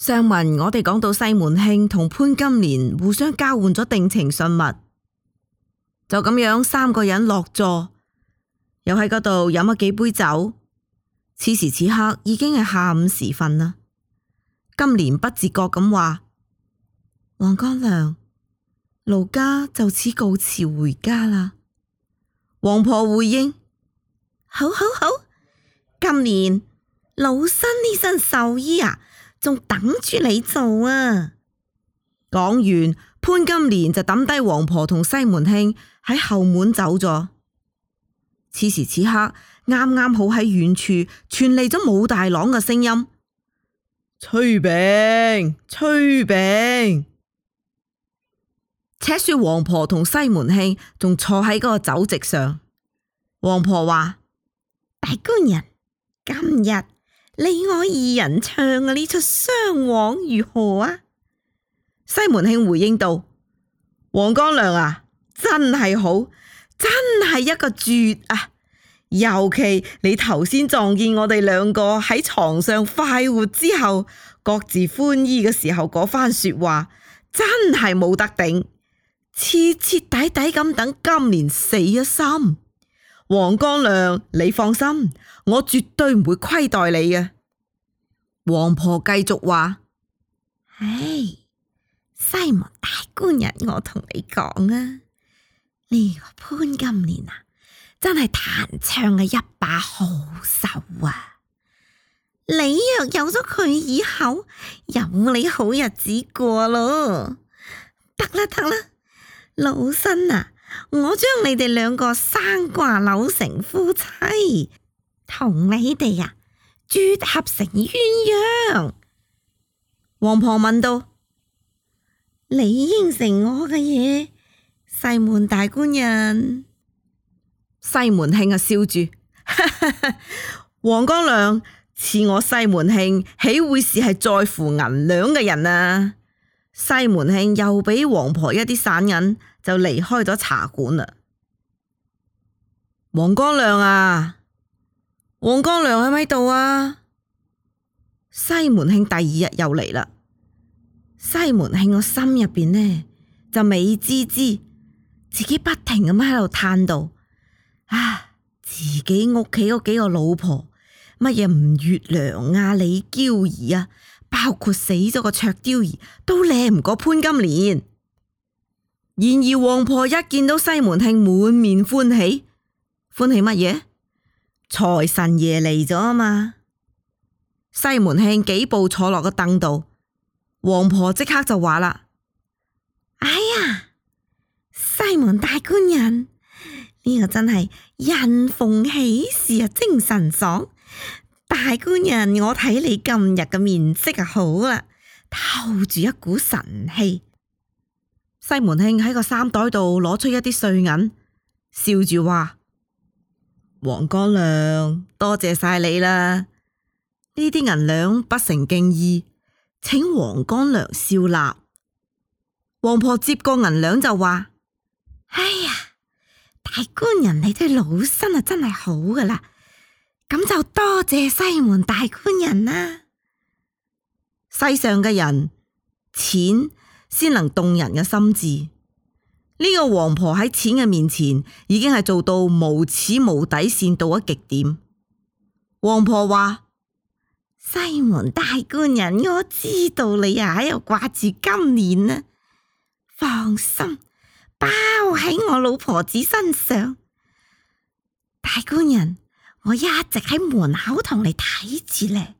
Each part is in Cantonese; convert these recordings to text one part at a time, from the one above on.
上文我哋講到西門慶同潘金蓮互相交換咗定情信物，就咁樣三個人落座，又喺嗰度飲咗幾杯酒。此時此刻已經係下午時分啦。金蓮不自覺咁話：王乾娘，奴家就此告辭回家啦。王婆回應：好好好，今年老身呢身壽衣啊。仲等住你做啊！講完，潘金蓮就抌低王婆同西門慶喺後門走咗。此時此刻，啱啱好喺遠處傳嚟咗武大郎嘅聲音：炊餅，炊餅。且說王婆同西門慶仲坐喺嗰個酒席上，王婆話：大官人，今日，你我二人唱嘅呢出雙簧如何啊？西門慶回應道：王光亮啊，真係好，真係一個絕啊！尤其你頭先撞見我哋兩個喺床上快活之後，各自寬衣嘅時候嗰番說話，真係冇得頂，徹徹底底咁等今年死咗心。黃光亮，你放心，我絕對唔會虧待你嘅。王婆繼續話：唉、哎，西門大官人，我同你講啊，呢個潘金蓮啊，真係彈唱嘅一把好手啊！你若有咗佢以後，有你好日子過咯。得啦得啦，老身啊。我將你哋兩個生掛扭成夫妻，同你哋啊，撮合成鴛鴦。王婆問道：你應承我嘅嘢，西門大官人。西門慶啊，笑住， 王乾娘，似我西門慶，豈會是係在乎銀兩嘅人啊？西門慶又俾王婆一啲散銀。就離開咗茶館啦。王光亮啊，王光亮喺咪度啊？西門慶第二日又嚟啦。西門慶個心入邊呢就美滋滋，自己不停咁喺度嘆道：啊，自己屋企嗰幾個老婆，乜嘢吳月娘啊、李嬌兒啊，包括死咗個卓貂兒，都靚唔過潘金蓮。然而，王婆一見到西門慶，滿面歡喜，歡喜乜嘢？財神爺嚟咗啊嘛！西門慶幾步坐落個凳度，王婆即刻就話啦：哎呀，西門大官人，呢個真係人逢喜事啊，精神爽！大官人，我睇你今日嘅面色啊好啦，透住一股神氣。西門慶喺個衫袋度攞出一啲碎銀，笑住話：黃乾娘，多謝晒你啦！呢啲銀兩不成敬意，請黃乾娘笑納。王婆接過銀兩就話：哎呀，大官人你對老身啊真係好噶啦，咁就多謝西門大官人啦。世上嘅人，錢，先能動人嘅心智。呢個王婆喺錢嘅面前，已經係做到無恥無底線到咗極點。王婆話：西門大官人，我知道你啊喺度掛住今年呢，放心，包喺我老婆子身上。大官人，我一直喺門口同你睇住咧。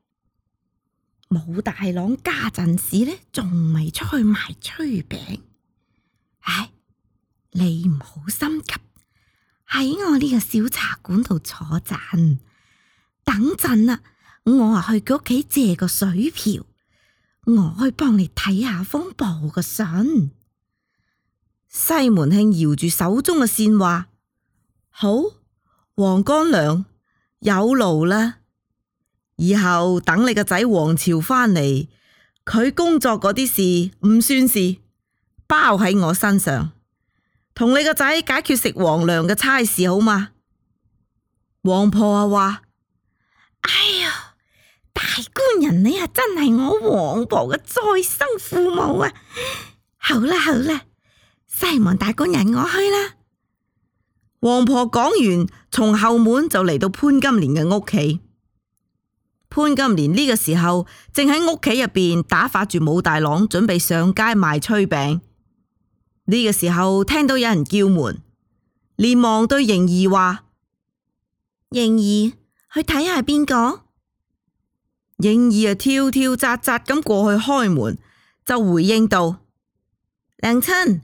武大郎家陣時呢，仲未出去賣炊餅。唉，你唔好心急，喺我呢個小茶館度坐陣，等陣啊，我啊去佢屋企借個水瓢，我去幫你睇下風暴嘅信。西門慶搖住手中嘅線，話：好，王乾娘有路啦。以後等你個仔王朝返嚟，佢工作嗰啲事唔算事，包喺我身上，同你個仔解決食皇糧嘅差事好嘛？王婆啊話：哎呀，大官人你啊真係我王婆嘅再生父母啊！好啦好啦，西門大官人我去啦。王婆講完，從後門就嚟到潘金蓮嘅屋企。潘金蓮呢個時候正喺屋企入邊打發住武大郎，準備上街賣炊餅。呢個時候聽到有人叫門，連忙對盈兒話：盈兒去睇下邊個。盈兒啊，跳跳扎扎咁過去開門，就回應道：娘親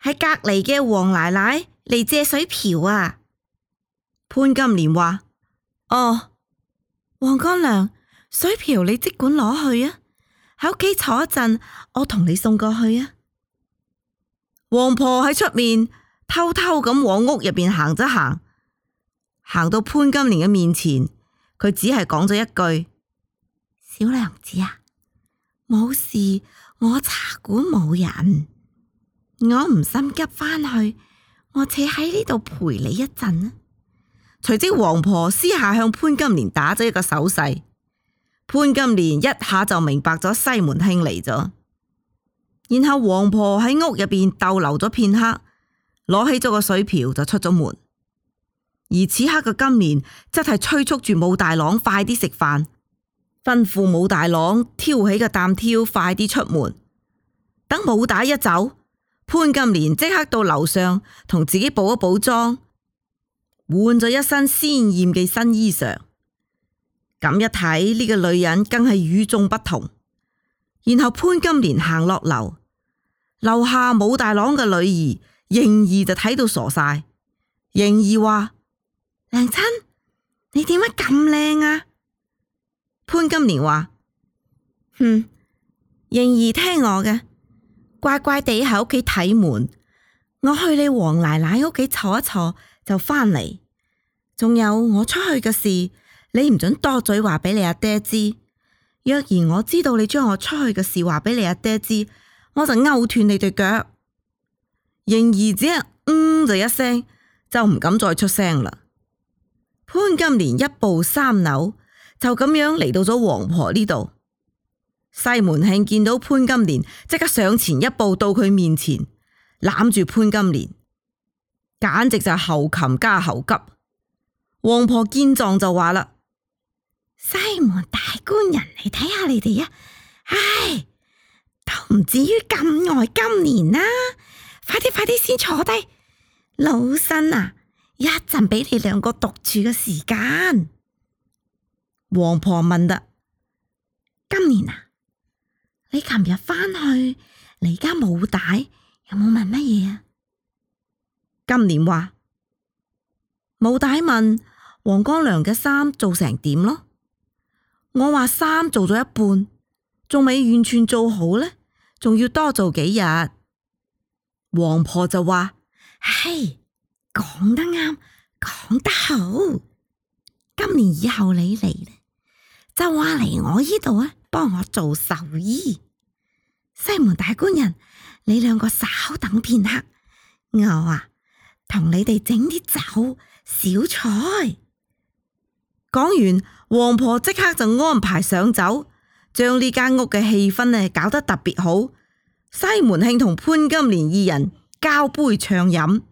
喺隔籬嘅黃奶奶嚟借水瓢啊。潘金蓮話：哦。王乾娘，水瓢你即管攞去啊！喺屋企坐一陣，我同你送過去啊！王婆喺出面偷偷咁往屋入邊行咗行，行到潘金蓮嘅面前，佢只係講咗一句：小娘子啊，冇事，我茶館冇人，我唔心急翻去，我且喺呢度陪你一陣啊！隨即王婆私下向潘金蓮打咗一個手勢，潘金蓮一下就明白咗西門慶嚟咗。然後王婆喺屋入邊逗留咗片刻，攞起咗個水瓢就出咗門。而此刻嘅金蓮則係催促住武大郎快啲食飯，吩咐武大郎挑起個擔挑快啲出門。等武大一走，潘金蓮即刻到樓上同自己補一補妝。換咗一身鮮艷嘅新衣裳，咁一睇呢、這個女人更係與眾不同。然後潘金蓮行落樓，樓下武大郎嘅女兒盈兒就睇到傻晒。盈兒話：娘親，你點解咁靚啊？潘金蓮話：哼，盈兒聽我嘅，乖乖地喺屋企睇門。我去你黃奶奶屋企坐一坐，就返嚟，仲有我出去嘅事，你唔准多嘴話俾你阿爹知。若然我知道你將我出去嘅事話俾你阿爹知，我就勾斷你對腳。迎兒只嗯就一聲，就唔敢再出聲啦。潘金蓮一步三扭，就咁樣嚟到咗王婆呢度。西門慶見到潘金蓮，即刻上前一步到佢面前，攬住潘金蓮。簡直就係猴擒加猴急。王婆見狀就話啦：西門大官人，你睇下你哋啊！唉，都唔至於咁呆今年啦、啊！快啲快啲先坐低，老身啊，一陣俾你兩個獨處嘅時間。王婆問得今年啊，你琴日翻去，你家冇帶有冇問乜嘢啊？今年話冇帶，問黃光良嘅衫做成點咯？我話衫做咗一半，仲未完全做好呢，仲要多做幾日。王婆就話：嘿，講得啱，講得好。今年以後你嚟咧，就話嚟我呢度啊，幫我做壽衣。西門大官人，你兩個稍等片刻，我啊。同你哋整啲酒小菜。講完，王婆即刻就安排上酒，將呢間屋嘅氣氛呢搞得特別好。西門慶同潘金蓮二人交杯暢飲。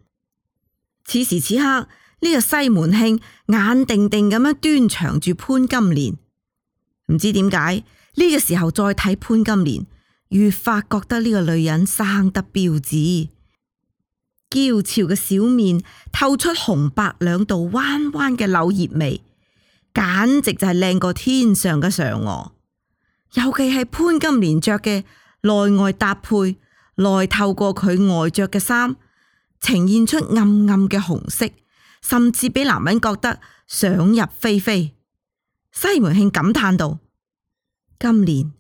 此時此刻，呢個西門慶眼定定咁樣端詳住潘金蓮，唔知點解呢個時候再睇潘金蓮，越發覺得呢個女人生得標致。嬌俏嘅小面透出紅白兩道彎彎嘅柳葉眉，簡直就係靚過天上嘅嫦娥。尤其係潘金蓮着嘅內外搭配，內透過佢外着嘅衫，呈現出暗暗嘅紅色，甚至俾男人覺得想入非非。西門慶感嘆道：今年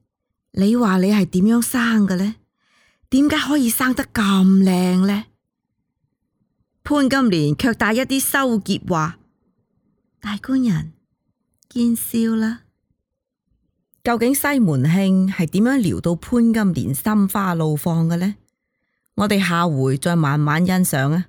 你話你係點樣生嘅呢？點解可以生得咁靚呢？」潘金蓮卻帶一啲羞澀話：大官人見笑啦。究竟西門慶係點樣撩到潘金蓮心花怒放嘅呢？我哋下回再慢慢欣賞啊！